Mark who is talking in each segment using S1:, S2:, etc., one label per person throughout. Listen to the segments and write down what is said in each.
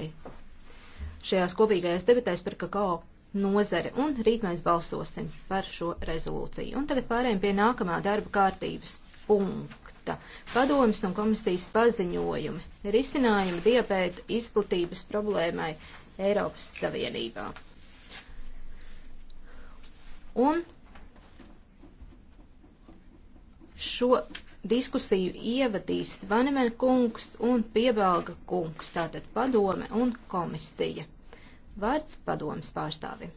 S1: Panamai šajās kopīgajās debatēs par kakao nozari, un rīt mēs balsosim par šo rezolūciju. Un tagad pārējiem pie nākamā darba kārtības punkta. Padomas un komisijas paziņojumi. Risinājumi diabēta izplatības problēmai Eiropas Savienībā. Un šo diskusiju ievadīs Vanemēna kungs un Piebalga kungs, tātad padome un komisija. Vārds padomas pārstāvim.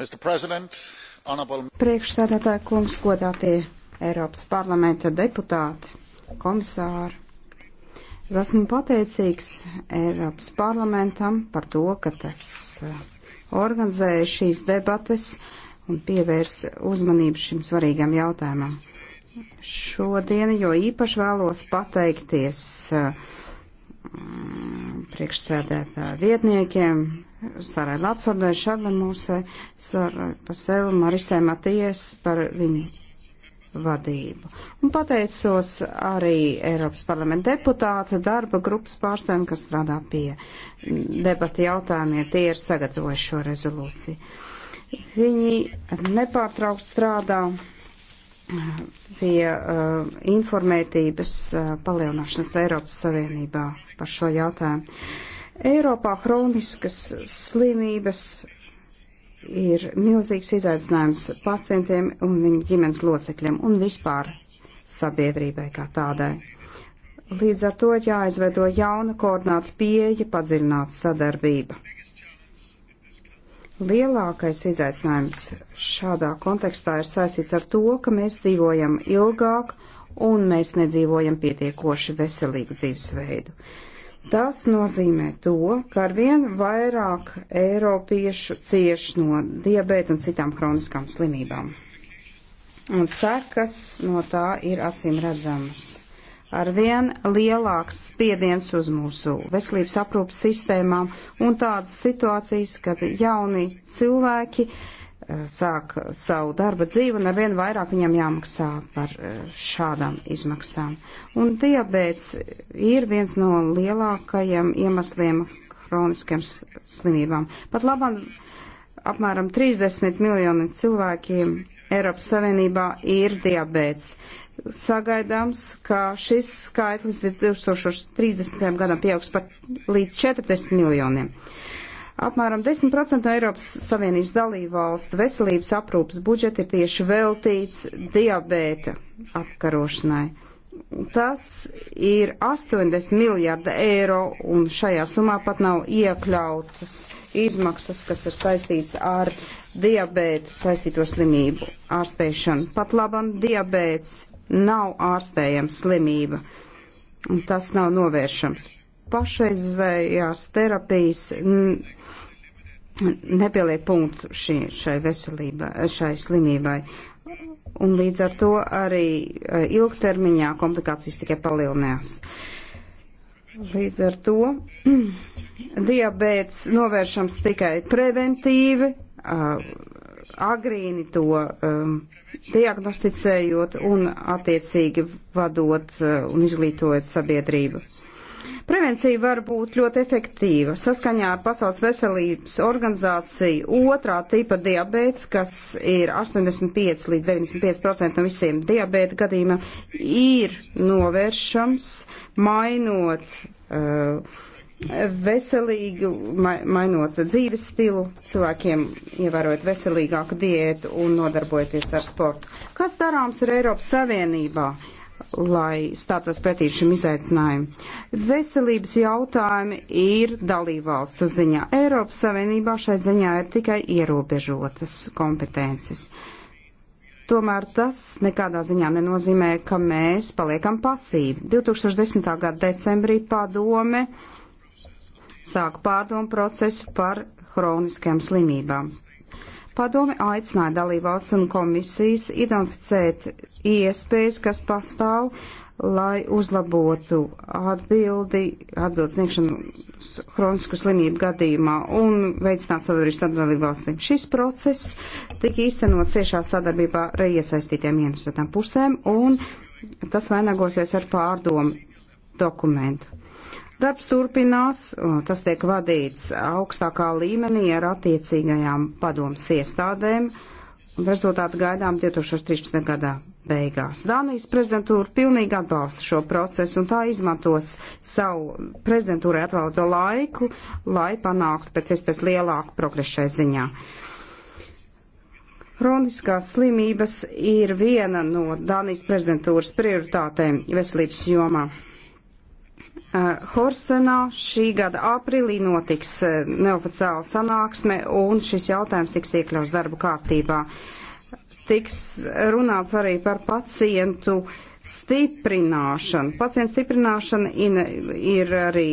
S2: Honorable...
S3: Priekšsēdētāja kungs, godātie Eiropas parlamenta deputāti, komisāri. Es esmu pateicīgs Eiropas parlamentam par to, ka tas eh, organizēja šīs debates un pievērs uzmanību šim svarīgam jautājumam. Šodien, jo īpaši vēlos pateikties mm, priekšsēdētāju vietniekiem, Sārai Latvardai, Šaglan Mūsai, Sārai Paselu, Marisai Matijas par viņu vadību. Un pateicos arī Eiropas parlamenta deputāta darba grupas pārstāvjiem, kas strādā pie debata jautājumiem, tie ir sagatavojuši šo rezolūciju. Viņi nepārtraukt strādā pie uh, informētības uh, palielināšanas Eiropas Savienībā par šo jautājumu. Eiropā hroniskas slimības ir milzīgs izaicinājums pacientiem un viņu ģimenes locekļiem un vispār sabiedrībai kā tādai. Līdz ar to jāizveido jauna koordināta pieeja, padziļināta sadarbība. Lielākais izaicinājums šādā kontekstā ir saistīts ar to, ka mēs dzīvojam ilgāk un mēs nedzīvojam pietiekoši veselīgu dzīvesveidu. Tas nozīmē to, ka arvien vairāk eiropiešu cieš no diabēta un citām kroniskām slimībām. Un sekas no tā ir acīm redzamas arvien lielāks spiediens uz mūsu veselības aprūpas sistēmām un tādas situācijas, kad jauni cilvēki eh, sāk savu darba dzīvi un arvien vairāk viņam jāmaksā par eh, šādām izmaksām. Un diabēts ir viens no lielākajiem iemesliem kroniskiem slimībām. Pat labam apmēram 30 miljoniem cilvēkiem Eiropas Savienībā ir diabēts. Sagaidāms, ka šis skaitlis 2030. gadam pieaugs par līdz 40 miljoniem. Apmēram 10% no Eiropas Savienības dalībvalstu veselības aprūpas budžeta ir tieši veltīts diabēta apkarošanai. Tas ir 80 miljārda eiro, un šajā summā pat nav iekļautas izmaksas, kas ir saistīts ar diabētu saistīto slimību ārsteišanu. Pat labam diabēts nav ārstējama slimība, un tas nav novēršams. Pašreizējās terapijas nepieliek punktu šī, šai veselībai, šai slimībai. Un līdz ar to arī eh, ilgtermiņā komplikācijas tikai palielinās. Līdz ar to diabēts novēršams tikai preventīvi, agrīni to um, diagnosticējot un attiecīgi vadot uh, un izglītojot sabiedrību. Prevencija var būt ļoti efektīva. Saskaņā ar Pasaules veselības organizāciju otrā tipa diabēts, kas ir 85 līdz 95% no visiem diabēta gadījumiem, ir novēršams, mainot uh, veselīgi, mainot dzīves stilu, cilvēkiem ievērojot veselīgāku diētu un nodarbojoties ar sportu. Kas darāms ir Eiropas Savienībā, lai stātos pretī šim izaicinājumam? Veselības jautājumi ir dalībvalstu ziņā. Eiropas Savienībā šai ziņā ir tikai ierobežotas kompetences. Tomēr tas nekādā ziņā nenozīmē, ka mēs paliekam pasīvi. 2010. gada decembrī padome uh, sāk pārdomu procesu par hroniskām slimībām. Padome aicināja dalībvalsts un komisijas identificēt iespējas, kas pastāv, lai uzlabotu atbildi, atbildes sniegšanu hronisku slimību gadījumā un veicinātu sadarbības ar dalībvalstīm. Šis process tika īstenots ciešā sadarbībā ar iesaistītiem interesētām pusēm un tas vainagosies ar pārdomu dokumentu. Darbs turpinās, tas tiek vadīts augstākā līmenī ar attiecīgajām padomas iestādēm. Rezultāti gaidām 2013. gadā beigās. Dānijas prezidentūra pilnīgi atbalsta šo procesu un tā izmantos savu prezidentūrai atvēlēto laiku, lai panāktu pēc iespējas lielāku progresu šai ziņā. Kroniskās slimības ir viena no Dānijas prezidentūras prioritātēm veselības jomā. Eh, Horsenā šī gada aprīlī notiks eh, neoficiāla sanāksme un šis jautājums tiks iekļauts darba kārtībā. Tiks runāts arī par pacientu stiprināšanu. Pacientu stiprināšana ir arī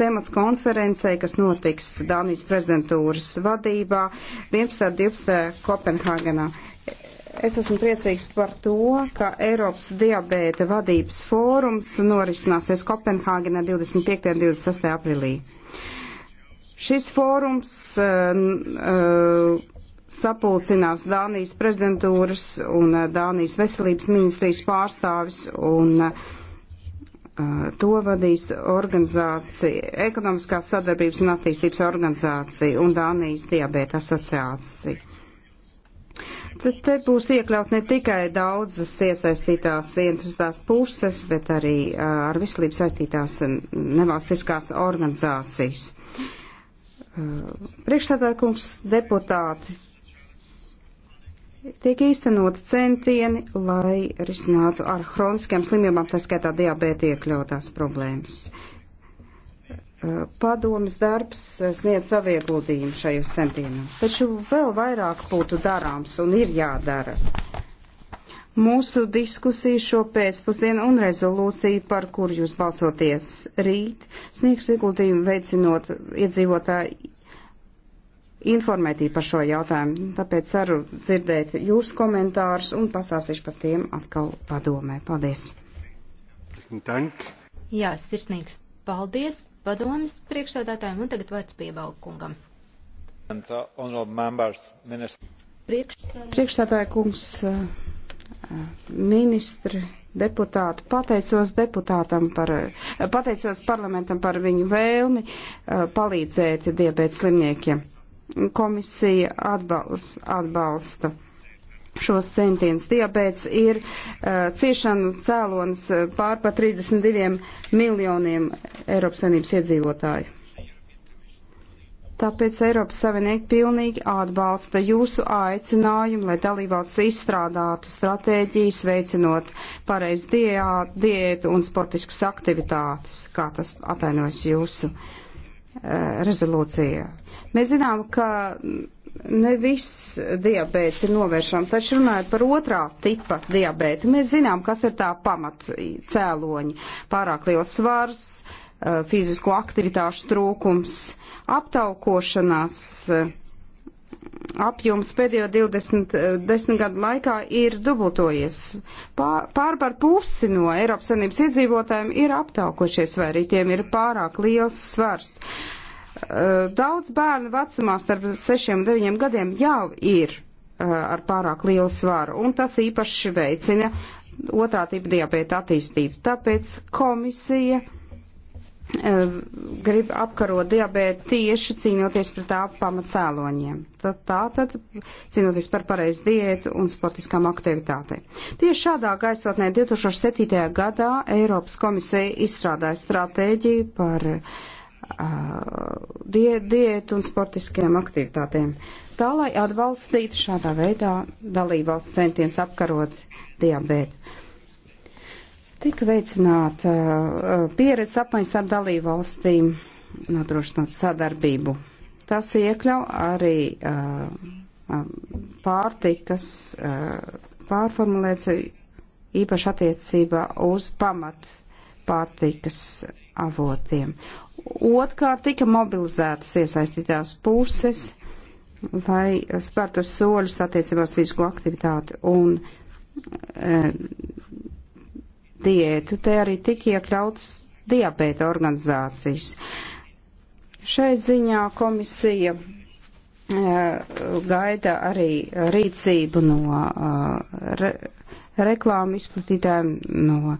S3: temats konferencei, kas notiks Dānijas prezidentūras vadībā 11. un 12. Kopenhāgenā. Es esmu priecīgs par to, ka Eiropas diabēta vadības fórums norisināsies Kopenhāgenē 25. un 26. aprilī. Šis fórums uh, uh, sapulcinās Dānijas prezidentūras un uh, Dānijas veselības ministrijas pārstāvis un uh, to vadīs organizācija, ekonomiskās sadarbības un attīstības organizācija un Dānijas diabēta asociācija. Te būs iekļaut ne tikai daudzas iesaistītās interesētās puses, bet arī ar veselību saistītās nevalstiskās organizācijas. Priekšstādākums deputāti tiek īstenoti centieni, lai risinātu ar hroniskiem slimībām, tā skaitā diabēta iekļautās problēmas padomas darbs eh, sniedz savu ieguldījumu šajos centienos, taču vēl vairāk būtu darāms un ir jādara. Mūsu diskusija šo pēcpusdienu un rezolūcija, par kur jūs balsoties rīt, sniegs ieguldījumu veicinot iedzīvotāju informētību par šo jautājumu. Tāpēc ceru dzirdēt jūsu komentārus un pastāstīšu par tiem atkal padomē. Paldies! Dank.
S1: Jā, sirsnīgs Paldies padomas priekšsēdētājiem un tagad vārds piebalkungam.
S3: Priekšsēdētāja kungs, eh, ministri, deputāti, pateicos deputātam par, pateicos parlamentam par viņu vēlmi eh, palīdzēt diabēt slimniekiem. Komisija atbalsta. atbalsta šos centienus. Diabēts ir uh, ciešanu cēlons pār pa 32 miljoniem Eiropas Savienības iedzīvotāju. Tāpēc Eiropas Savienība pilnīgi atbalsta jūsu aicinājumu, lai dalībvalsts izstrādātu stratēģijas, veicinot pareizu diētu un sportiskas aktivitātes, kā tas atainojas jūsu uh, rezolūcijā. Mēs zinām, ka ne viss diabēts ir novēršams, taču runājot par otrā tipa diabētu, mēs zinām, kas ir tā pamat cēloņi. Pārāk liels svars, eh, fizisko aktivitāšu trūkums, aptaukošanās eh, apjoms pēdējo 20 10 eh, gadu laikā ir dubultojies. Pār, pār par pusi no Eiropas Savienības iedzīvotājiem ir aptaukošies vai arī tiem ir pārāk liels svars. Uh, Eh, daudz bērnu vecumā starp 6 un 9 gadiem jau ir eh, ar pārāk lielu svaru, un tas īpaši veicina otrā tipa diabēta attīstību. Tāpēc komisija eh, grib apkarot diabētu tieši cīnoties pret tā pamatcēloņiem. Tad, tā tad cīnoties par pareizu diētu un sportiskām aktivitātēm. Tieši šādā gaisotnē 2007. gadā Eiropas komisija izstrādāja stratēģiju par uh, die, diētu un sportiskajām aktivitātēm. Tā, lai atbalstītu šādā veidā dalībvalsts centienus apkarot diabētu. Tika veicināta pieredze apmaiņas ar dalībvalstīm, nodrošināt sadarbību. Tas iekļau arī pārtikas pārformulēts īpaši attiecībā uz pamat pārtikas avotiem. Otkārt tika mobilizētas iesaistītās puses, lai spērtu soļus attiecībās fizisko aktivitāti un e, diētu. Te arī tika iekļautas diabēta organizācijas. Šai ziņā komisija e, gaida arī rīcību no e, re, reklāmu izplatītājiem, no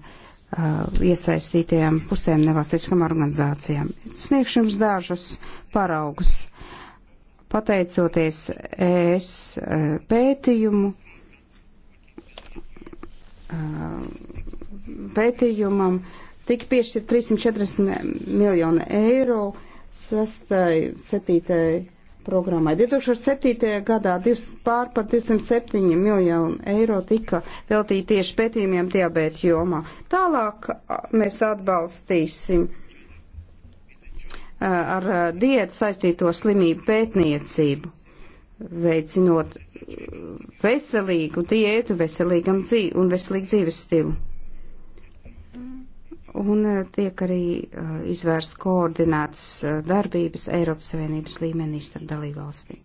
S3: Uh, iesaistītajām pusēm nevalstiskām organizācijām. Sniegšu jums dažus paraugus. Pateicoties ES uh, pētījumu, uh, pētījumam tika piešķirt 340 miljonu eiro 6. 7 programmai. 2007. gadā divs, pār par 207 miljonu eiro tika veltīti tieši pētījumiem diabēta jomā. Tālāk mēs atbalstīsim ar diētu saistīto slimību pētniecību, veicinot veselīgu diētu, veselīgam dzīvi un veselīgu dzīves stilu un eh, tiek arī eh, izvērst koordinētas eh, darbības Eiropas Savienības līmenī starp dalībvalstīm.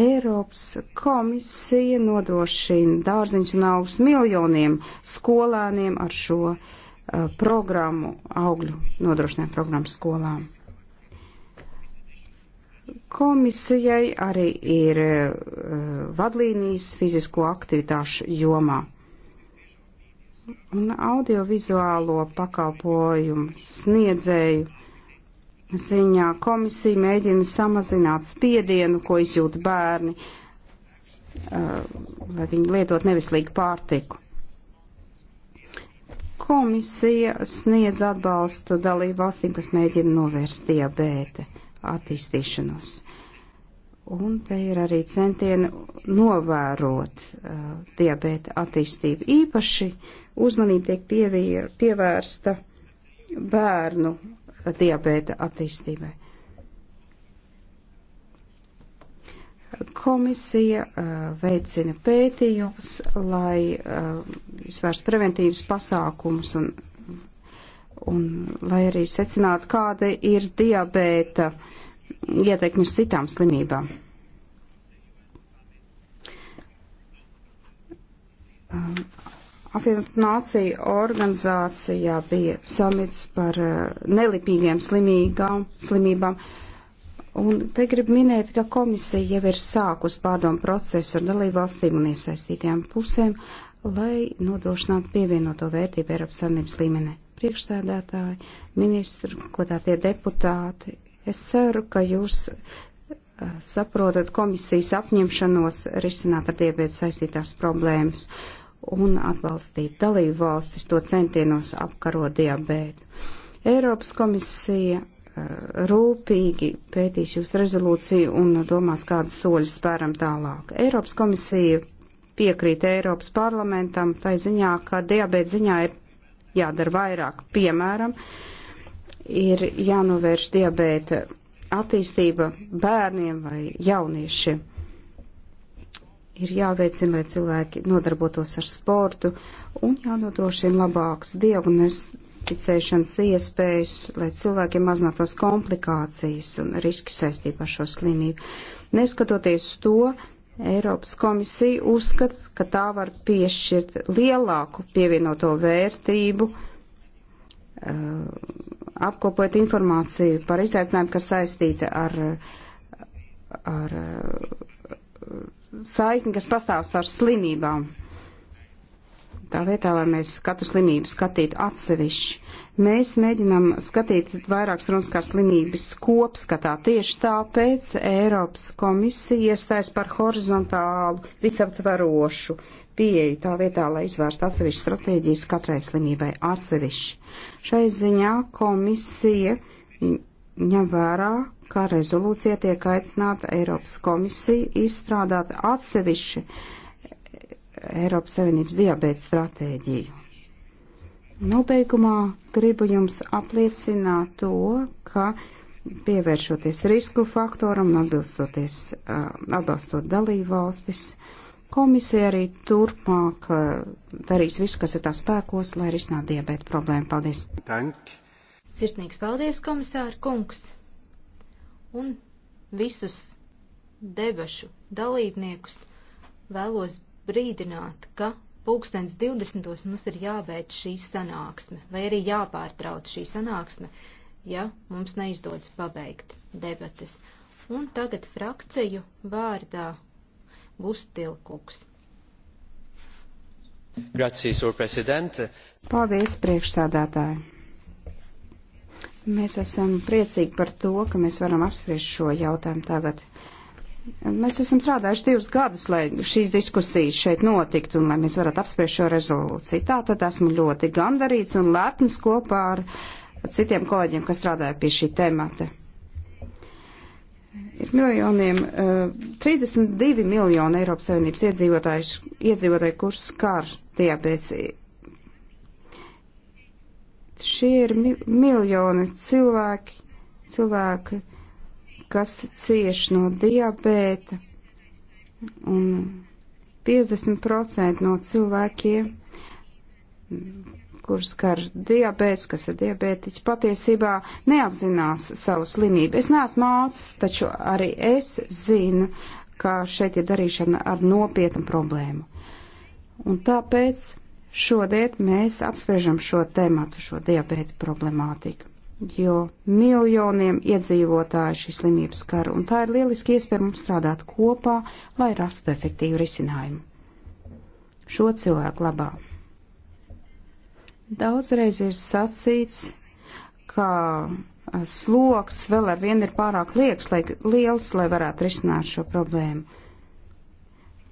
S3: Eiropas komisija nodrošina dārziņus un augus miljoniem skolēniem ar šo uh, programmu, augļu nodrošinājumu programmu skolām. Komisijai arī ir uh, vadlīnijas fizisko aktivitāšu jomā un audiovizuālo pakalpojumu sniedzēju ziņā komisija mēģina samazināt spiedienu, ko izjūt bērni, uh, lai viņi lietot nevislīgu pārtiku. Komisija sniedz atbalstu dalību valstīm, kas mēģina novērst diabēte attīstīšanos. Un te ir arī centieni novērot uh, diabēta attīstību īpaši uh, uzmanība tiek pievier, pievērsta bērnu diabēta attīstībai. Komisija uh, veicina pētījumus, lai uh, izvērst preventīvas pasākumus un, un lai arī secinātu, kāda ir diabēta ieteikumi uz citām slimībām. Uh, Apvienot nāciju organizācijā bija samits par eh, nelipīgiem slimīgām, slimībām. Un te grib minēt, ka komisija jau ir sākus pārdomu procesu ar dalībvalstīm un iesaistītajām pusēm, lai nodrošinātu pievienoto vērtību Eiropas Savienības līmenī. Priekšsēdētāji, ministri, godātie deputāti, es ceru, ka jūs eh, saprotat komisijas apņemšanos risināt ar diabētu saistītās problēmas un atbalstīt dalību valstis to centienos apkarot diabētu. Eiropas komisija eh, rūpīgi pētīs jūsu rezolūciju un domās, kādas soļas spēram tālāk. Eiropas komisija piekrīt Eiropas parlamentam tai ziņā, ka diabēta ziņā ir jādara vairāk. Piemēram, ir jānovērš diabēta attīstība bērniem vai jauniešiem ir jāveicina, lai cilvēki nodarbotos ar sportu un jānodrošina labāks diagnosticēšanas iespējas, lai cilvēkiem mazinātos komplikācijas un riski saistībā ar šo slimību. Neskatoties to, Eiropas komisija uzskata, ka tā var piešķirt lielāku pievienoto vērtību, uh, apkopot informāciju par izaicinājumu, kas saistīta ar, ar uh, saikni, kas pastāv starp slimībām. Tā vietā, lai mēs katru slimību skatītu atsevišķi, mēs mēģinām skatīt vairākas runas kā slimības kopskatā. Tieši tāpēc Eiropas komisija iestājas par horizontālu, visaptverošu pieeju tā vietā, lai izvērstu atsevišķu stratēģijas katrai slimībai atsevišķi. Šai ziņā komisija ņem vērā, ka rezolūcija tiek aicināta Eiropas komisija izstrādāt atsevišķi Eiropas Savienības diabēta stratēģiju. Nobeigumā gribu jums apliecināt to, ka pievēršoties risku faktoram un atbalstot dalību valstis, komisija arī turpmāk darīs visu, kas ir tā spēkos, lai risinātu diabēta problēmu. Paldies!
S2: Tank.
S1: Sirsnīgs paldies, komisāra kungs! Un visus debašu dalībniekus vēlos brīdināt, ka pulkstens 20. mums ir jābeidz šī sanāksme, vai arī jāpārtrauc šī sanāksme, ja mums neizdodas pabeigt debates. Un tagad frakciju vārdā būs tilkuks.
S2: Grazie,
S3: Paldies, priekšsādātāji! Mēs esam priecīgi par to, ka mēs varam apspriest šo jautājumu tagad. Mēs esam strādājuši divus gadus, lai šīs diskusijas šeit notiktu un lai mēs varētu apspriest šo rezolūciju. Tā tad esmu ļoti gandarīts un lepns kopā ar citiem kolēģiem, kas strādāja pie šī temata. Ir miljoniem, 32 eh, miljoni Eiropas Savienības iedzīvotāju, iedzīvotāju kurš skar diabēts šie ir mi miljoni cilvēki, cilvēki, kas cieši no diabēta, un 50% no cilvēkiem, kurus skar diabēts, kas ir diabētiķis, patiesībā neapzinās savu slimību. Es neesmu mācis, taču arī es zinu, ka šeit ir darīšana ar nopietnu problēmu. Un tāpēc Šodien mēs apspriežam šo tēmatu, šo diabēta problemātiku, jo miljoniem iedzīvotāju šī slimības skar, un tā ir lieliski iespēja mums strādāt kopā, lai rastu efektīvu risinājumu. Šo cilvēku labā. Daudzreiz ir sacīts, ka sloks vēl ar vienu ir pārāk lieks, lai, liels, lai varētu risināt šo problēmu.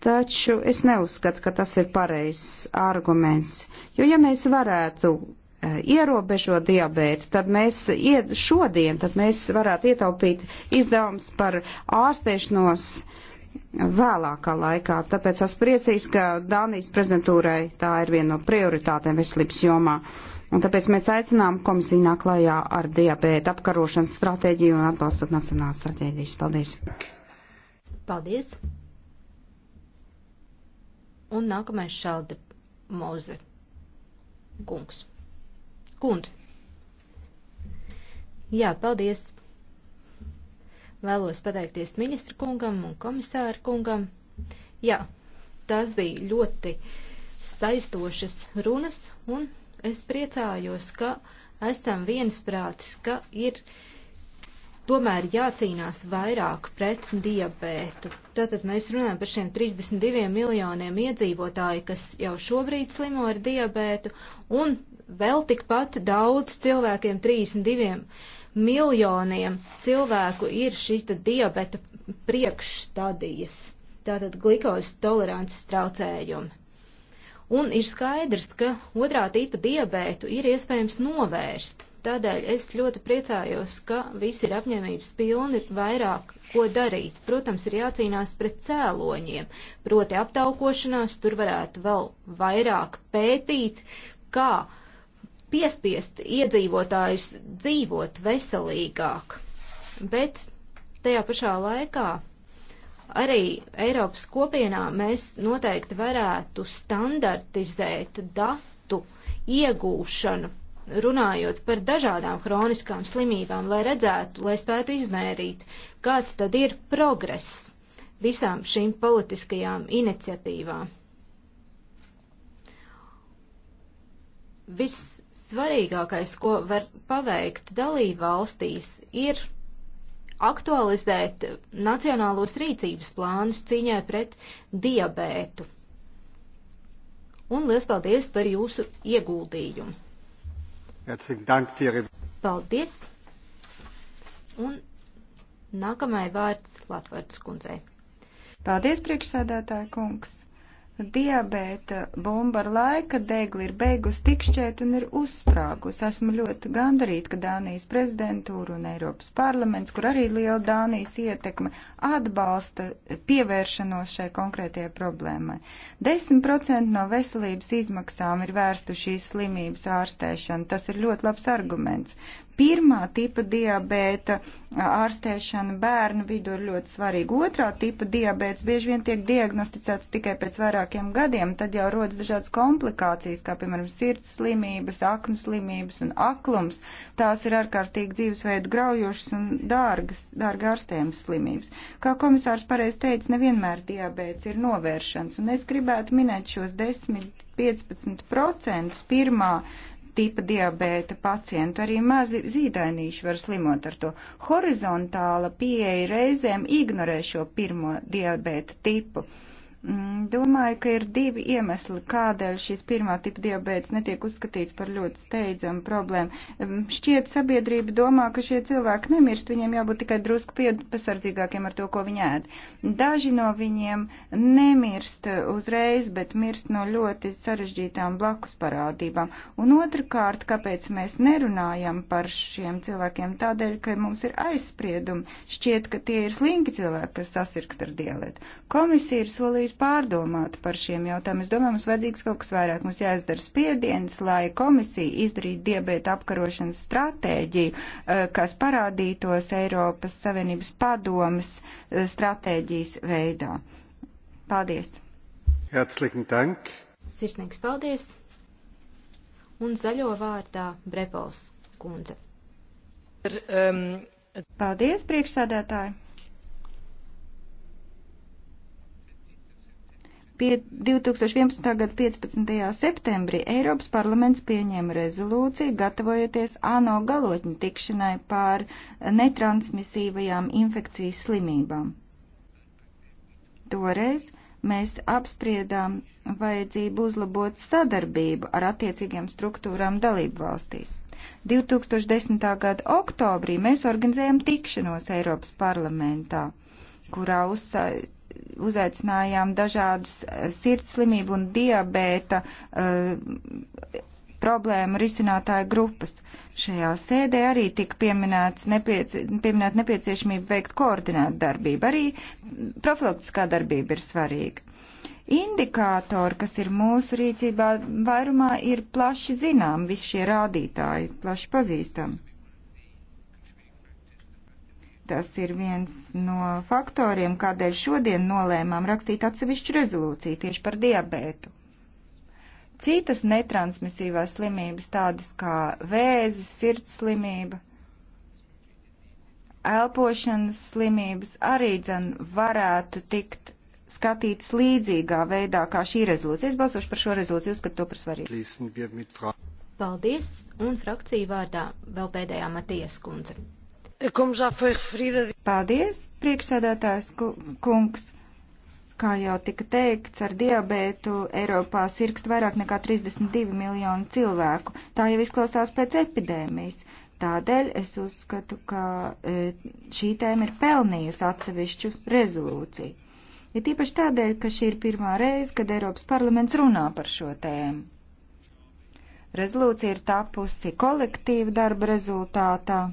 S3: Taču es neuzskatu, ka tas ir pareizs arguments. Jo ja mēs varētu e, ierobežot diabētu, tad mēs ied, šodien tad mēs varētu ietaupīt izdevums par ārstēšanos vēlākā laikā. Tāpēc esmu priecīgs, ka Dānijas prezidentūrai tā ir viena no prioritātēm veselības jomā. Un tāpēc mēs aicinām komisiju nāk klajā ar diabēta apkarošanas stratēģiju un atbalstot nacionālās stratēģijas. Paldies!
S1: Paldies! Un nākamais šalde Moze kungs. Kundze. Jā, paldies. Vēlos pateikties ministra kungam un komisāra kungam. Jā, tās bija ļoti saistošas runas, un es priecājos, ka esam viensprātis, ka ir uh, tomēr jācīnās vairāk pret diabētu. Tātad mēs runājam par šiem 32 miljoniem iedzīvotāju, kas jau šobrīd slimo ar diabētu, un vēl tikpat daudz cilvēkiem 32 miljoniem cilvēku ir šīs diabeta priekšstadijas, tātad glikozi tolerances traucējumi. Un ir skaidrs, ka otrā tipa diabētu ir iespējams novērst. Tādēļ es ļoti priecājos, ka visi ir apņēmības pilni vairāk ko darīt. Protams, ir jācīnās pret cēloņiem, proti aptaukošanās, tur varētu vēl vairāk pētīt, kā piespiest iedzīvotājus dzīvot veselīgāk. Bet tajā pašā laikā arī Eiropas kopienā mēs noteikti varētu standartizēt datu iegūšanu runājot par dažādām hroniskām slimībām, lai redzētu, lai spētu izmērīt, kāds tad ir progress visām šīm politiskajām iniciatīvām. Vissvarīgākais, ko var paveikt dalību valstīs, ir aktualizēt nacionālos rīcības plānus cīņai pret diabētu. Un liels paldies par jūsu ieguldījumu! Paldies! Un nākamai vārds Latvārds kundzei.
S2: Paldies, priekšsēdētāja kungs! diabēta bumba ar laika degli ir beigus tikšķēt un ir uzsprāgus. Esmu ļoti gandarīta, ka Dānijas prezidentūra un Eiropas parlaments, kur arī liela Dānijas ietekme, atbalsta pievēršanos šai konkrētajai problēmai. 10% no veselības izmaksām ir vērstu šīs slimības ārstēšana. Tas ir ļoti labs arguments. Pirmā tipa diabēta ārstēšana bērnu vidū ir ļoti svarīga. Otrā tipa diabēts bieži vien tiek diagnosticēts tikai pēc vairākiem gadiem, tad jau rodas dažādas komplikācijas, kā piemēram sirds slimības, aknu slimības un aklums. Tās ir ārkārtīgi dzīvesveidu graujošas un dārgas, dārgi ārstējums slimības. Kā komisārs pareiz teica, nevienmēr diabēts ir novēršanas, un es gribētu minēt šos desmit 15% pirmā tipa diabēta pacientu, arī mazi zīdainīši var slimot ar to. Horizontāla pieeja reizēm ignorē šo pirmo diabēta tipu. Uh, Mm, domāju, ka ir divi iemesli, kādēļ šis pirmā tipa diabetes netiek uzskatīts par ļoti steidzamu problēmu. Mm, šķiet, sabiedrība domā, ka šie cilvēki nemirst, viņiem jābūt tikai drusku piesardzīgākiem ar to, ko viņi ēd. Daži no viņiem nemirst uzreiz, bet mirst no ļoti sarežģītām blakus parādībām. Un otrkārt, kāpēc mēs nerunājam par šiem cilvēkiem? Tādēļ, ka mums ir aizspriedumi. Šķiet, ka tie ir slinki cilvēki, kas sasirgst ar dialetu. Komisija ir solījusi mēs pārdomātu par šiem jautājumiem. Es domāju, mums vajadzīgs kaut kas vairāk. Mums jāizdara spiediens, lai komisija izdarītu diabēta apkarošanas stratēģiju, eh, kas parādītos Eiropas Savienības padomas eh, stratēģijas veidā. Paldies! Herzlichen Dank! Sirsnīgs paldies! Un zaļo vārdā Brepols kundze. Er, um, paldies, priekšsādātāji! Pie 2011. gada 15. septembrī Eiropas parlaments pieņēma rezolūciju, gatavojoties ANO galotņu tikšanai pār netransmisīvajām infekcijas slimībām. Toreiz mēs apspriedām vajadzību uzlabot sadarbību ar attiecīgiem struktūrām dalību valstīs. 2010. gada oktobrī mēs organizējam tikšanos Eiropas parlamentā, kurā uzsākt uzaicinājām dažādus eh, sirdsslimību un diabēta uh, problēmu risinātāju grupas. Šajā sēdē arī tika pieminēts nepieci, pieminēt nepieciešamība veikt koordinētu darbību. Arī profilaktiskā darbība ir svarīga. Indikātori, kas ir mūsu rīcībā, vairumā ir plaši zinām, visi šie rādītāji plaši pazīstami Tas ir viens no faktoriem, kādēļ šodien nolēmām rakstīt atsevišķu rezolūciju tieši par diabētu. Citas netransmisīvās slimības, tādas kā vēzis, sirds slimība, elpošanas slimības, arī dzen varētu tikt skatīts līdzīgā veidā kā šī rezolūcija. Es balsošu par šo rezolūciju, uzskatu to par svarīgu. Paldies, un frakciju
S1: vārdā vēl pēdējā Matijas kundze.
S2: E, Paldies, priekšsēdētājs kungs. Kā jau tika teikts, ar diabētu Eiropā sirkst vairāk nekā 32 miljonu cilvēku. Tā jau izklausās pēc epidēmijas. Tādēļ es uzskatu, ka e, šī tēma ir pelnījusi atsevišķu rezolūciju. Ir tīpaši tādēļ, ka šī ir pirmā reize, kad Eiropas parlaments runā par šo tēmu. Rezolūcija ir tapusi kolektīva darba rezultātā,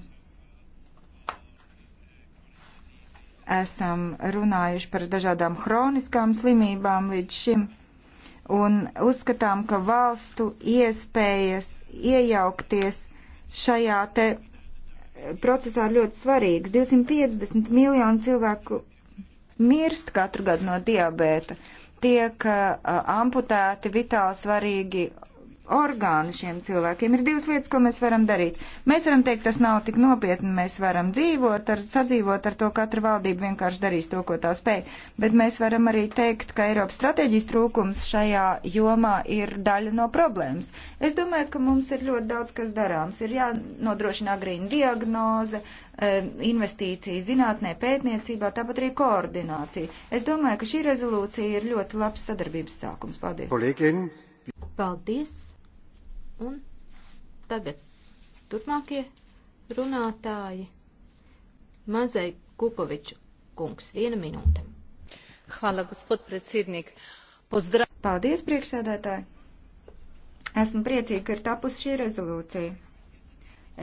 S2: esam runājuši par dažādām hroniskām slimībām līdz šim un uzskatām, ka valstu iespējas iejaukties šajā te procesā ir ļoti svarīgs. 250 miljonu cilvēku mirst katru gadu no diabēta, tiek uh, amputēti vitāli svarīgi orgāni šiem cilvēkiem. Ir divas lietas, ko mēs varam darīt. Mēs varam teikt, tas nav tik nopietni, mēs varam dzīvot, ar, sadzīvot ar to, katra valdība vienkārši darīs to, ko tā spēj. Bet mēs varam arī teikt, ka Eiropas stratēģijas trūkums šajā jomā ir daļa no problēmas. Es domāju, ka mums ir ļoti daudz kas darāms. Ir jānodrošina agrīna diagnoze, eh, investīcija zinātnē, pētniecībā, tāpat arī koordinācija. Es domāju, ka šī rezolūcija ir ļoti labs sadarbības sākums. Paldies! Kolēģin. Paldies! Un tagad
S1: turpmākie runātāji. Mazai Kupoviču kungs, viena minūte. Hvala, gospod predsēdnik.
S2: Pozdrav... Paldies, priekšsēdētāji. Esmu priecīga, ka ir tapusi šī rezolūcija.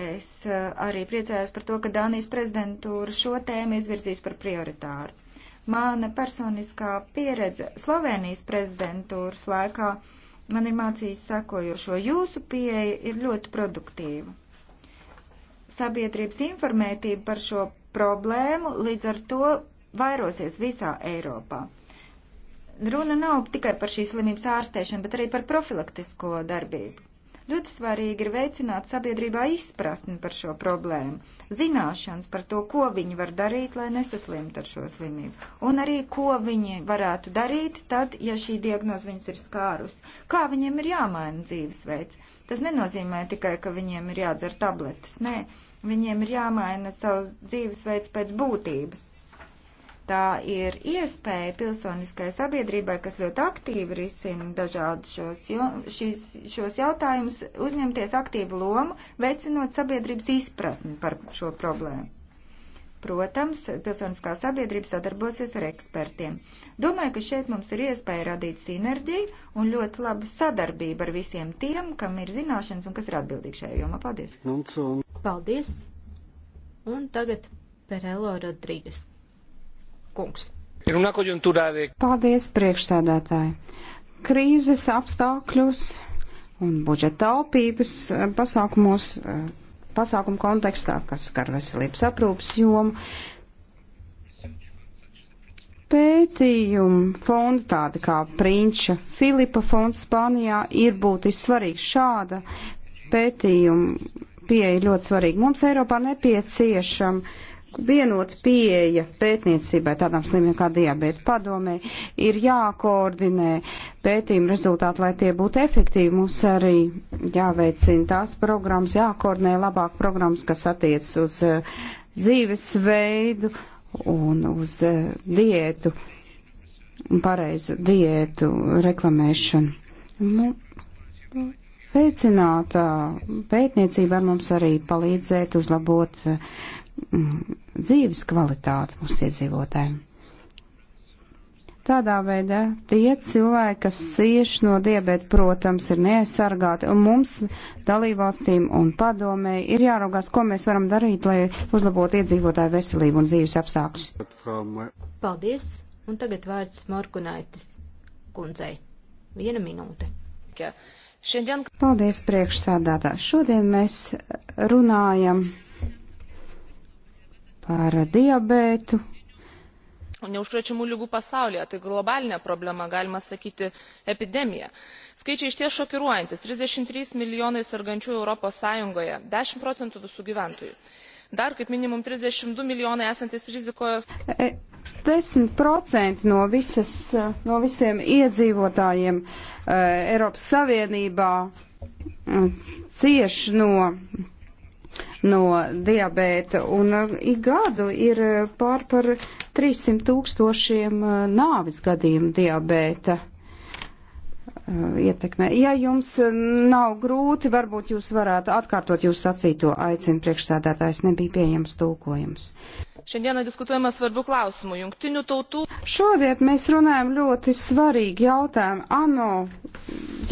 S2: Es eh, arī priecājos par to, ka Dānijas prezidentūra šo tēmu izvirzīs par prioritāru. Mana personiskā pieredze Slovenijas prezidentūras laikā uh, man ir mācījis sakojošo. Jūsu pieeja ir ļoti produktīva. Sabiedrības informētība par šo problēmu līdz ar to vairosies visā Eiropā. Runa nav tikai par šīs slimības ārstēšanu, bet arī par profilaktisko darbību. Ļoti svarīgi ir veicināt sabiedrībā izpratni par šo problēmu, zināšanas par to, ko viņi var darīt, lai nesaslimtu ar šo slimību, un arī ko viņi varētu darīt tad, ja šī diagnoze viņus ir skārus, kā viņiem ir jāmaina dzīvesveids. Tas nenozīmē tikai, ka viņiem ir jādzer tabletes, nē, viņiem ir jāmaina savs dzīvesveids pēc būtības Tā ir iespēja pilsoniskai sabiedrībai, kas ļoti aktīvi risina dažādus šos, jo, šis, šos jautājumus, uzņemties aktīvu lomu, veicinot sabiedrības izpratni par šo problēmu. Protams, pilsoniskā sabiedrība sadarbosies ar ekspertiem. Domāju, ka šeit mums ir iespēja radīt sinerģiju un ļoti labu sadarbību ar visiem tiem, kam ir zināšanas un kas ir atbildīgi šajā jomā. Paldies! Nu, Paldies! Un tagad Perelo Rodrīgas
S3: kungs. Paldies, priekšsēdētāji. Krīzes apstākļos un budžeta taupības eh, pasākumos, eh, pasākumu kontekstā, kas skar veselības aprūpas jomu, pētījumu fondi, tādi kā Prinča Filipa fonds Spānijā, ir būtiski svarīgi. Šāda pētījuma pieeja ļoti svarīga. Mums Eiropā nepieciešama vienot pieeja pētniecībai tādām slimībām kā diabēta padomē, ir jākoordinē pētījuma rezultāti, lai tie būtu efektīvi. Mums arī jāveicina tās programmas, jākoordinē labāk programmas, kas attiec uz eh, dzīvesveidu un uz eh, diētu, pareizu diētu reklamēšanu. Nu, veicināt eh, pētniecību var mums arī palīdzēt uzlabot Mm, dzīves kvalitāti mūsu iedzīvotājiem. Tādā veidā tie cilvēki, kas cieši no diabēta, protams, ir neaizsargāti, un mums, dalībvalstīm un padomēji, ir jāraugās, ko mēs varam darīt, lai uzlabotu iedzīvotāju veselību un dzīves apstākļus.
S1: Paldies, un tagad vārds Morkunaitis kundzei. Viena minūte.
S3: Paldies, priekšsādātā. Šodien mēs runājam par diabētu.
S2: Neužkrečiamų lygų pasaulyje, tai globalinė problema, galima sakyti, epidemija. Skaičiai iš ties šokiruojantis - 33 milijonai sargančių Europos Sąjungoje, 10 procentų visų gyventojų. Dar kaip minimum 32 milijonai esantis rizikos. E,
S3: 10% no, visas, no visiem iedzīvotājiem uh, Eiropas Savienībā uh, e, cieš no no diabēta, un uh, ik gadu ir uh, pār par 300 tūkstošiem uh, nāvis gadījumu diabēta ietekmē. Ja jums nav grūti, varbūt jūs varētu atkārtot jūs sacīto aicinu priekšsēdētājs, nebija pieejams tūkojums.
S2: Šiandieną diskutuojama svarbių klausimų. Jungtinių tautų.
S3: Šodien mēs runājam ļoti svarīgi jautājumu. ANO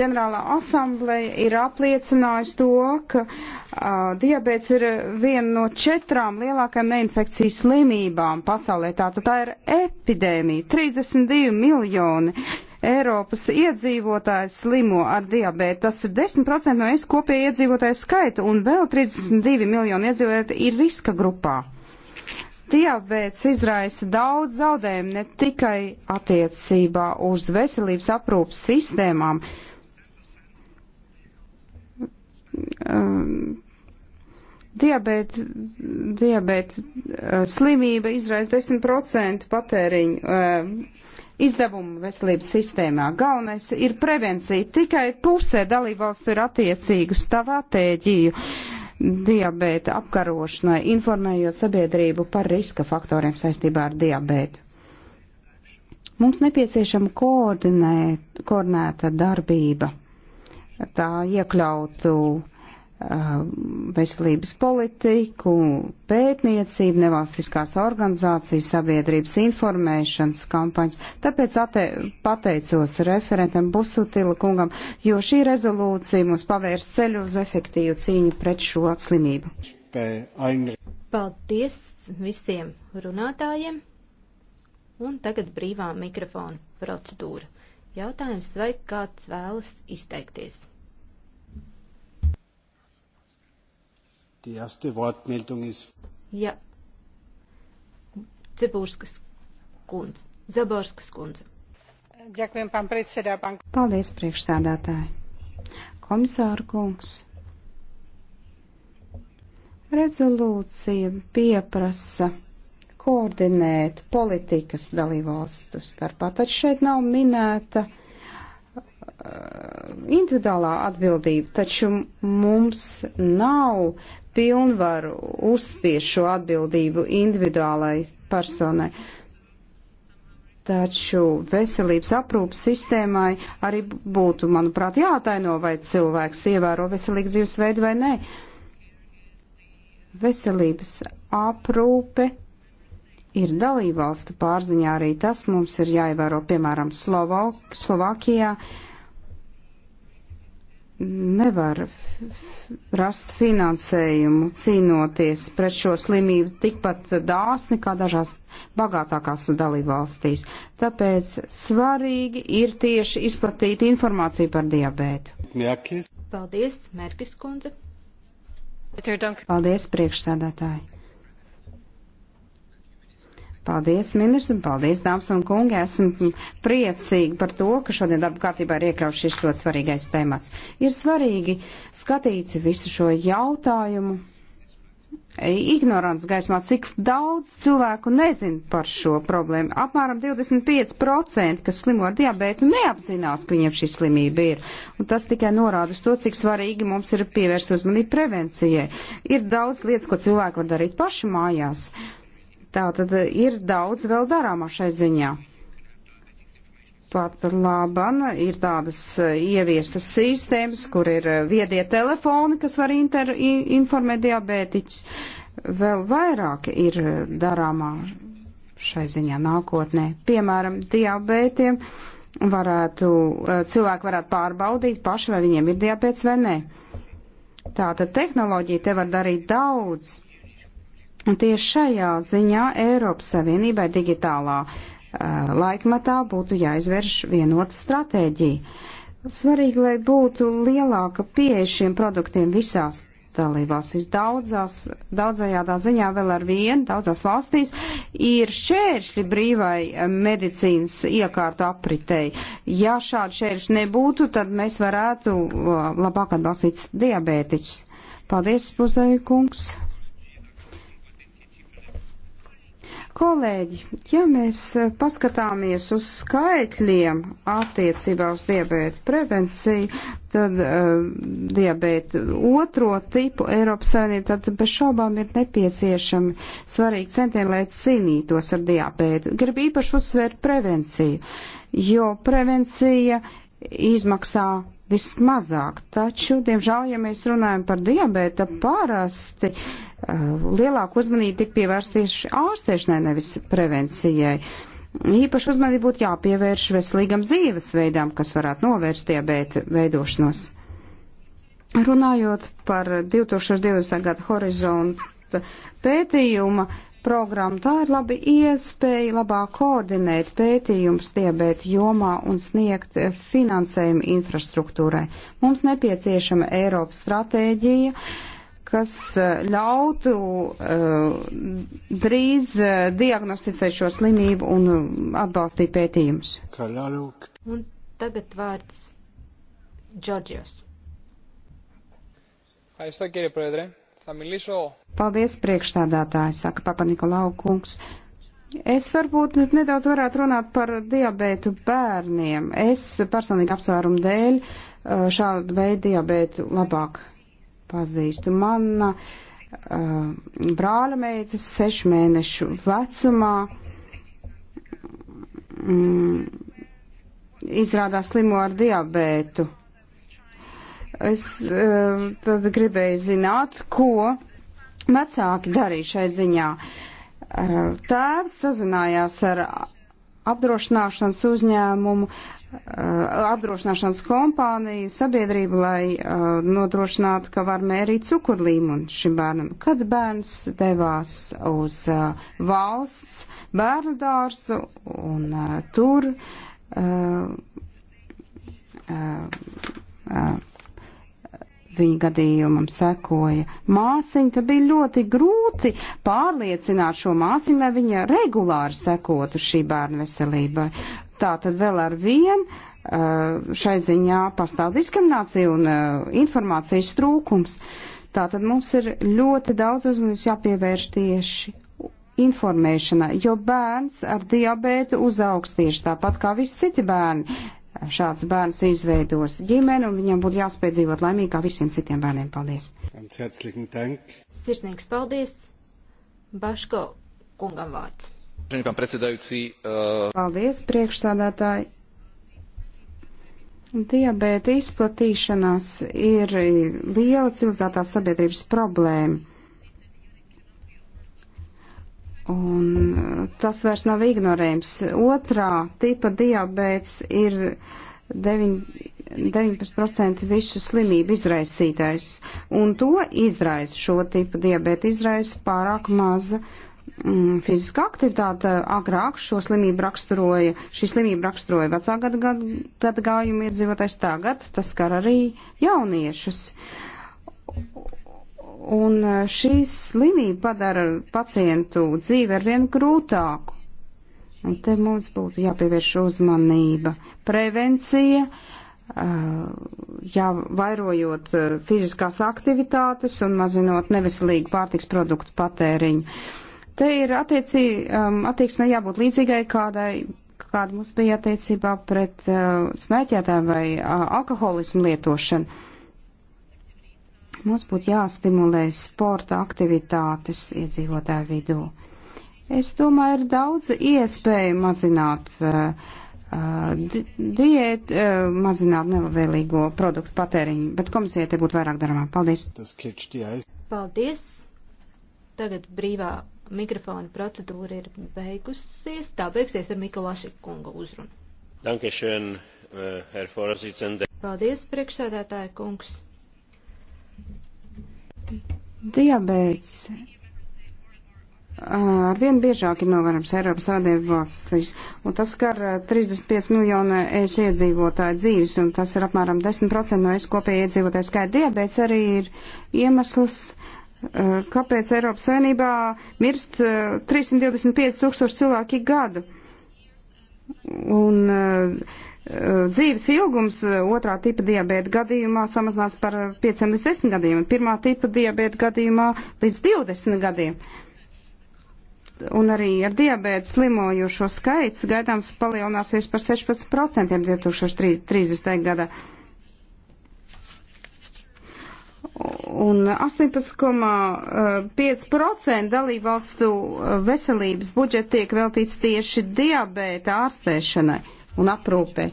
S3: ģenerālā asambleja ir apliecinājusi to, ka uh, diabēts ir viena no četrām lielākajām neinfekcijas slimībām pasaulē. Tātad tā ir epidēmija. 32 miljoni Eiropas iedzīvotāji slimo ar diabētu. Tas ir 10% no es kopēja iedzīvotāju skaita, un vēl 32 miljoni iedzīvotāji ir riska grupā. Diabēts izraisa daudz zaudējumu ne tikai attiecībā uz veselības aprūpas sistēmām. Um, Diabēta diabēt, uh, slimība izraisa 10% patēriņu um, izdevumu veselības sistēmā. Galvenais ir prevencija. Tikai pusē dalībvalstu ir attiecīgu stratēģiju. Uh, diabēta apkarošanai, informējot sabiedrību par riska faktoriem saistībā ar diabētu. Mums nepieciešama koordinēt, koordinēta darbība. Tā iekļautu Um, veselības politiku, pētniecību, nevalstiskās organizācijas, sabiedrības informēšanas kampaņas. Tāpēc ate, pateicos referentam Busutila kungam, jo šī rezolūcija mums pavērs ceļu uz efektīvu cīņu pret šo slimību.
S1: Paldies visiem runātājiem. Un tagad brīvā mikrofona procedūra. Jautājums, vai kāds vēlas izteikties?
S3: Die erste Wortmeldung ist.
S1: Ja. Ciburskas
S3: kundze. Zaborskas kundze. Ďakujem, pán predsedā. Pán... Paldies, priekšsādātāji. Komisāra kungs. Rezolūcija pieprasa koordinēt politikas dalībvalstu starpā, taču šeit nav minēta uh, individuālā atbildība, taču mums nav pilnvaru uzspiež šo atbildību individuālai personai. Taču veselības aprūpas sistēmai arī būtu, manuprāt, jātaino, vai cilvēks ievēro veselīgu dzīvesveidu vai nē. Veselības aprūpe ir dalībvalstu pārziņā arī tas mums ir jāievēro, piemēram, Slovāk, Slovākijā. Uh, nevar rast finansējumu cīnoties pret šo slimību tikpat dāsni kā dažās bagātākās dalībvalstīs. Tāpēc svarīgi ir tieši izplatīt informāciju par diabētu. Mērķis. Paldies, Merkis kundze. Paldies, priekšsēdētāji. Paldies, ministri, paldies, dāmas un kungi. Esmu priecīgi par to, ka šodien darba kārtībā ir iekļauts šis ļoti svarīgais temats. Ir svarīgi skatīt visu šo jautājumu. Ignorants gaismā, cik daudz cilvēku nezin par šo problēmu. Apmēram 25%, kas slimo ar diabētu, neapzinās, ka viņiem šī slimība ir. Un tas tikai norāda uz to, cik svarīgi mums ir pievērst uzmanību prevencijai. Ir daudz lietas, ko cilvēki var darīt paši mājās. Uh, Tā tad ir daudz vēl darāmā šai ziņā. Pat labana ir tādas ieviestas sistēmas, kur ir viedie telefoni, kas var inter, informēt diabētiķus. Vēl vairāk ir darāmā šai ziņā nākotnē. Piemēram, diabētiem varētu, eh, cilvēki varētu pārbaudīt paši, vai viņiem ir diabēts vai nē. Tātad tehnoloģija te var darīt daudz. Un tieši šajā ziņā Eiropas Savienībai digitālā uh, laikmatā būtu jāizvērš vienota stratēģija. Svarīgi, lai būtu lielāka pieeja šiem produktiem visās dalībvalstīs. Daudzās, daudzajādā ziņā vēl ar vienu, daudzās valstīs ir šķēršļi brīvai eh, medicīnas iekārtu apritei. Ja šādi šķēršļi nebūtu, tad mēs varētu eh, labāk atbalstīt diabētiķus. Paldies, Puzevi kungs! Kolēģi, ja mēs eh, paskatāmies uz skaitļiem attiecībā uz diabēta prevenciju, tad uh, diabēta otro tipu Eiropas Savienība, tad bez šaubām ir nepieciešami svarīgi centieni, lai cīnītos ar diabētu. Gribu īpaši uzsvērt prevenciju, jo prevencija izmaksā vismazāk. Taču, diemžēl, ja mēs runājam par diabēta, parasti uh, lielāku uzmanību tik pievērst tieši ārstēšanai, nevis prevencijai. Īpaši uzmanību būtu jāpievērš veselīgam dzīvesveidam, kas varētu novērst diabēta veidošanos. Runājot par 2020. gadu horizontu pētījuma programmu. Tā ir laba iespēja labāk koordinēt pētījums diabēta jomā un sniegt eh, finansējumu infrastruktūrai. Mums nepieciešama Eiropas stratēģija kas eh, ļautu uh, drīz uh, diagnosticēt šo slimību un atbalstīt pētījumus.
S1: Un tagad vārds Džordžijos. Aizsāk, Kirja Prēdre.
S3: Paldies, priekšstādātāji, saka Papa Nikolau kungs. Es varbūt nedaudz varētu runāt par diabētu bērniem. Es personīgi apsvērumu dēļ uh, šādu veidu diabētu labāk pazīstu. Mana uh, brāļa meita sešu mēnešu vecumā mm, izrādās slimo ar diabētu. Es um, tad gribēju zināt, ko vecāki darīja šai ziņā. Uh, tēvs sazinājās ar apdrošināšanas uzņēmumu, uh, apdrošināšanas kompāniju, sabiedrību, lai uh, nodrošinātu, ka var mērīt cukurlīmuni šim bērnam. Kad bērns devās uz valsts bērnu dārzu un tur. Uh, uh, uh, viņa gadījumam sekoja māsiņa, tad bija ļoti grūti pārliecināt šo māsiņu, lai viņa regulāri sekotu šī bērna veselībai. Tā tad vēl ar vienu uh, šai ziņā pastāv diskriminācija un uh, informācijas trūkums. Tātad mums ir ļoti daudz uzmanības jāpievērš tieši informēšanai, jo bērns ar diabētu uzaugs tieši tāpat kā visi citi bērni šāds bērns izveidos ģimeni un viņam būtu jāspēj dzīvot laimīgi kā visiem citiem bērniem. Paldies! Sirsnīgs paldies! Baško kungam vārds. Eh, paldies, priekšsādātāji! Diabēta izplatīšanās ir liela civilizētās sabiedrības problēma Un tas vairs nav ignorējams. Otrā tipa diabēts ir 9, 19% visu slimību izraisītājs. Un to izraisa šo tipu diabēta, izraisa pārāk maza mm, fiziskā aktivitāte. Agrāk šo slimību raksturoja, šī slimība raksturoja vecā gada, gada, gada gājuma iedzīvotājs tagad, tas skar arī jauniešus. Uh, Un e, šī slimība padara pacientu dzīvi arvien grūtāku. Un te mums būtu jāpievērš uzmanība. Prevencija, e, jāvairojot e, fiziskās aktivitātes un mazinot neveselīgu pārtiks produktu patēriņu. Te ir attiecī, attieksme jābūt līdzīgai kādai kāda mums bija attiecībā pret uh, smēķētājiem vai uh, alkoholismu lietošanu. Mums būtu jāstimulē sporta aktivitātes iedzīvotāju vidū. Es domāju, ir daudz iespēju mazināt uh, eh, eh, diētu, uh, eh, mazināt nelabvēlīgo produktu patēriņu, bet komisija te būtu vairāk darāmā. Paldies!
S1: Paldies! Tagad brīvā mikrofona procedūra ir beigusies. Tā beigsies ar Mikolašika kunga uzrunu.
S2: Dankeschön, Herr Vorsitzende.
S1: Paldies, priekšsēdētāja kungs.
S3: Diabēts ar vien biežāk ir novērams Eiropas Savienības valstīs, un tas skar 35 eh, miljonu es iedzīvotāju dzīves, un tas ir apmēram 10% no es kopēja iedzīvotāju skaita. Diabēts arī ir iemesls, eh, kāpēc Eiropas Savienībā mirst 325 eh, tūkstoši cilvēki gadu. Un uh, uh, dzīves ilgums uh, otrā tipa diabēta gadījumā samazinās par 5 līdz 10 gadiem, un pirmā tipa diabēta gadījumā līdz 20 gadiem. Un arī ar diabētu slimojošo skaits gaidāms palielināsies par 16% 2030. gadā un 18,5% dalībvalstu veselības budžeta tiek veltīts tieši diabēta ārstēšanai un aprūpei.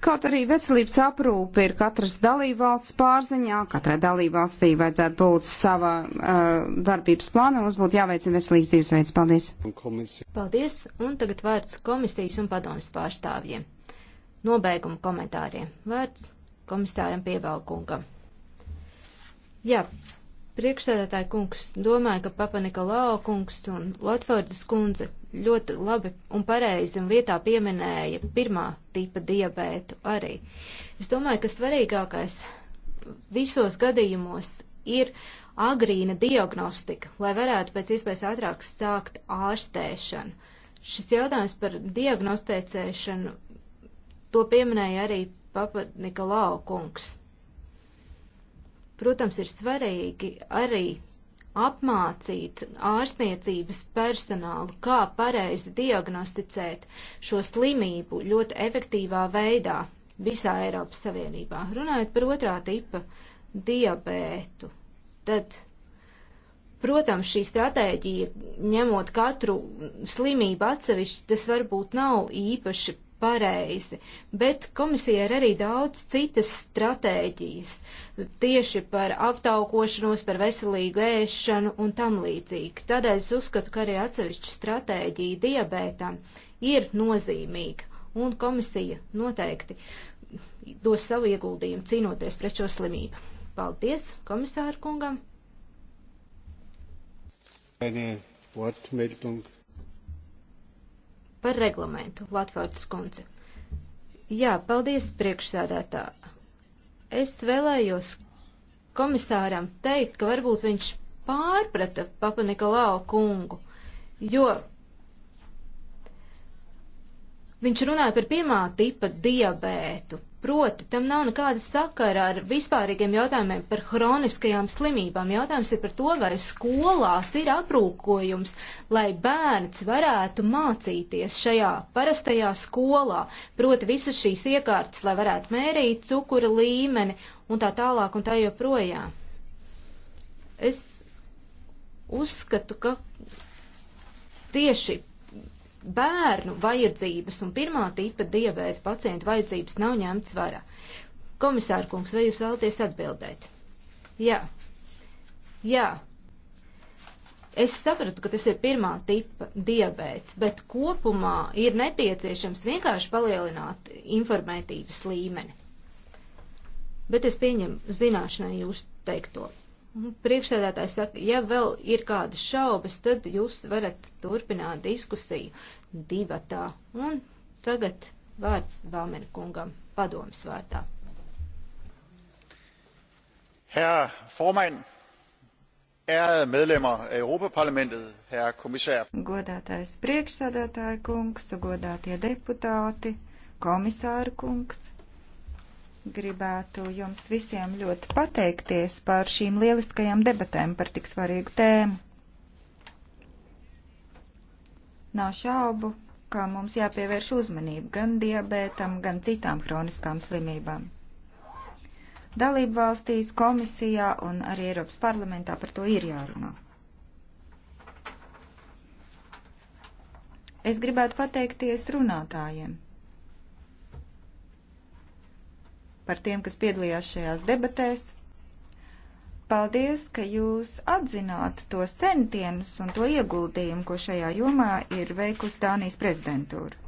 S3: Kaut arī veselības aprūpe ir katras dalībvalsts pārziņā, katrai dalībvalstī vajadzētu būt sava uh, darbības plāna, mums būtu jāveicina veselīgs dzīvesveids. Paldies!
S1: Paldies! Un tagad vārds komisijas un padomjas pārstāvjiem. Nobeiguma komentāriem. Vārds komisāram Piebalkungam. Jā, priekšsēdētāja kungs, domāju, ka Papa Nikolao kungs un Lotfordas kundze ļoti labi un pareizi un vietā pieminēja pirmā tipa diabētu arī. Es domāju, ka svarīgākais visos gadījumos ir agrīna diagnostika, lai varētu pēc iespējas ātrāk sākt ārstēšanu. Šis jautājums par diagnosticēšanu, to pieminēja arī Papa Nikolao kungs. Protams, ir svarīgi arī apmācīt ārstniecības personālu, kā pareizi diagnosticēt šo slimību ļoti efektīvā veidā visā Eiropas Savienībā. Runājot par otrā tipa diabētu, tad, protams, šī stratēģija, ņemot katru slimību atsevišķi, tas varbūt nav īpaši pareizi, bet komisija ir arī daudz citas stratēģijas tieši par aptaukošanos, par veselīgu ēšanu un tam līdzīgi. Tādēļ es uzskatu, ka arī atsevišķa stratēģija diabētam ir nozīmīga, un komisija noteikti dos savu ieguldījumu cīnoties pret šo slimību. Paldies komisāru kungam! Eine Wortmeldung par reglamentu, Latvārds kundze. Jā, paldies priekšsēdētā. Es vēlējos komisāram teikt, ka varbūt viņš pārprata Papa Nikolau kungu, jo viņš runāja par pirmā tipa diabētu. Proti, tam nav nekāda sakara ar vispārīgiem jautājumiem par hroniskajām slimībām. Jautājums ir par to, vai skolās ir aprūkojums, lai bērns varētu mācīties šajā parastajā skolā. Proti, visas šīs iekārtas, lai varētu mērīt cukura līmeni un tā tālāk un tā joprojām. Es uzskatu, ka tieši bērnu vajadzības un pirmā tipa diabēta pacientu vajadzības nav ņemts vērā. Komisāra kungs, vai jūs vēlaties atbildēt? Jā. Jā. Es sapratu, ka tas ir pirmā tipa diabēts, bet kopumā ir nepieciešams vienkārši palielināt informētības līmeni. Bet es pieņemu zināšanai jūs teikto. Priekšsēdētājs saka, ja vēl ir kādas šaubas, tad jūs varat turpināt diskusiju divatā. Un tagad vārds Vāmena kungam padomas vārdā.
S2: Herr Formann, ærede medlemmer af Europaparlamentet, herr kommissær. Godātais priekšsēdētāja kungs, godātie deputāti, komisāra kungs gribētu jums visiem ļoti pateikties par šīm lieliskajām debatēm par tik svarīgu tēmu. Nav šaubu, ka mums jāpievērš uzmanība gan diabētam, gan citām hroniskām slimībām. Dalību valstīs, komisijā un arī Eiropas parlamentā par to ir jārunā. Es gribētu pateikties runātājiem. par tiem, kas piedalījās šajās debatēs. Paldies, ka jūs atzināt tos centienus un to ieguldījumu, ko šajā jomā ir veikusi Dānijas prezidentūra.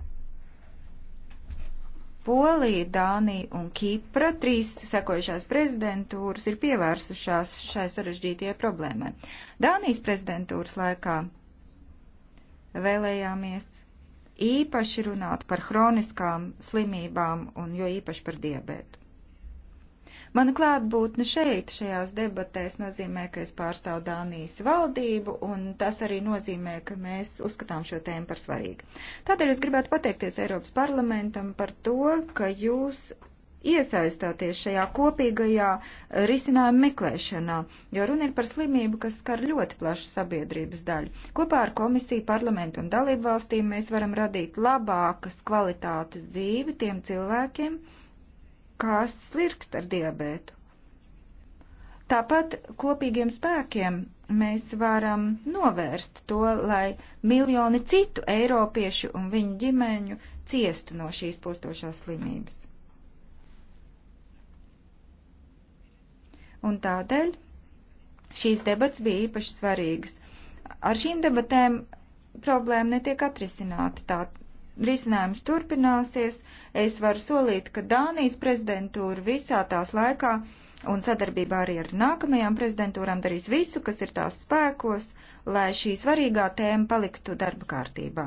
S2: Polija, Dānija un Kipra, trīs sekojušās prezidentūras, ir pievērsušās šai sarežģītajai problēmai. Dānijas prezidentūras laikā vēlējāmies īpaši runāt par hroniskām slimībām un jo īpaši par diabētu. Mana klātbūtne šeit, šajās debatēs, nozīmē, ka es pārstāvu Dānijas valdību, un tas arī nozīmē, ka mēs uzskatām šo tēmu par svarīgu. Tādēļ es gribētu pateikties Eiropas parlamentam par to, ka jūs iesaistāties šajā kopīgajā eh, risinājuma meklēšanā, jo runa ir par slimību, kas skar ļoti plašu sabiedrības daļu. Kopā ar komisiju, parlamentu un dalību valstīm mēs varam radīt labākas kvalitātes dzīvi tiem cilvēkiem, kāsts slirkst ar diabētu. Tāpat kopīgiem spēkiem mēs varam novērst to, lai miljoni citu eiropiešu un viņu ģimeņu ciestu no šīs postošās slimības. Un tādēļ šīs debats bija īpaši svarīgas. Ar šīm debatēm problēma netiek atrisināta, tā risinājums turpināsies. Es varu solīt, ka Dānijas prezidentūra visā tās laikā un sadarbībā arī ar nākamajām prezidentūrām darīs visu, kas ir tās spēkos, lai šī svarīgā tēma paliktu darba kārtībā.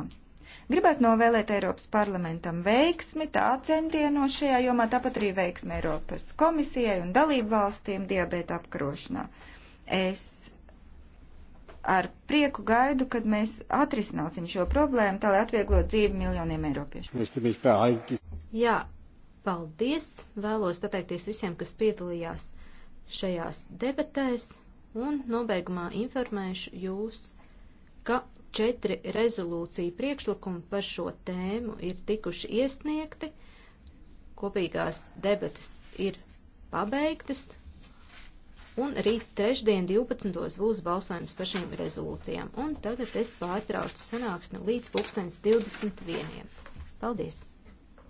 S2: Gribētu novēlēt Eiropas parlamentam veiksmi tā centienos šajā jomā, tāpat arī veiksmi Eiropas komisijai un dalību valstīm diabēta apkarošanā. Es ar prieku gaidu, kad mēs atrisināsim šo problēmu, tā lai atvieglotu dzīvi miljoniem eiropiešu. Jā, paldies! Vēlos
S1: pateikties visiem, kas piedalījās šajās debatēs, un nobeigumā informēšu jūs, ka četri rezolūcija priekšlikumi par šo tēmu ir tikuši iesniegti, kopīgās debatas ir pabeigtas, un rīt trešdien 12. būs balsojums par šīm rezolūcijām. Un tagad es pārtraucu sanāksmi līdz pulkstens 21. Paldies!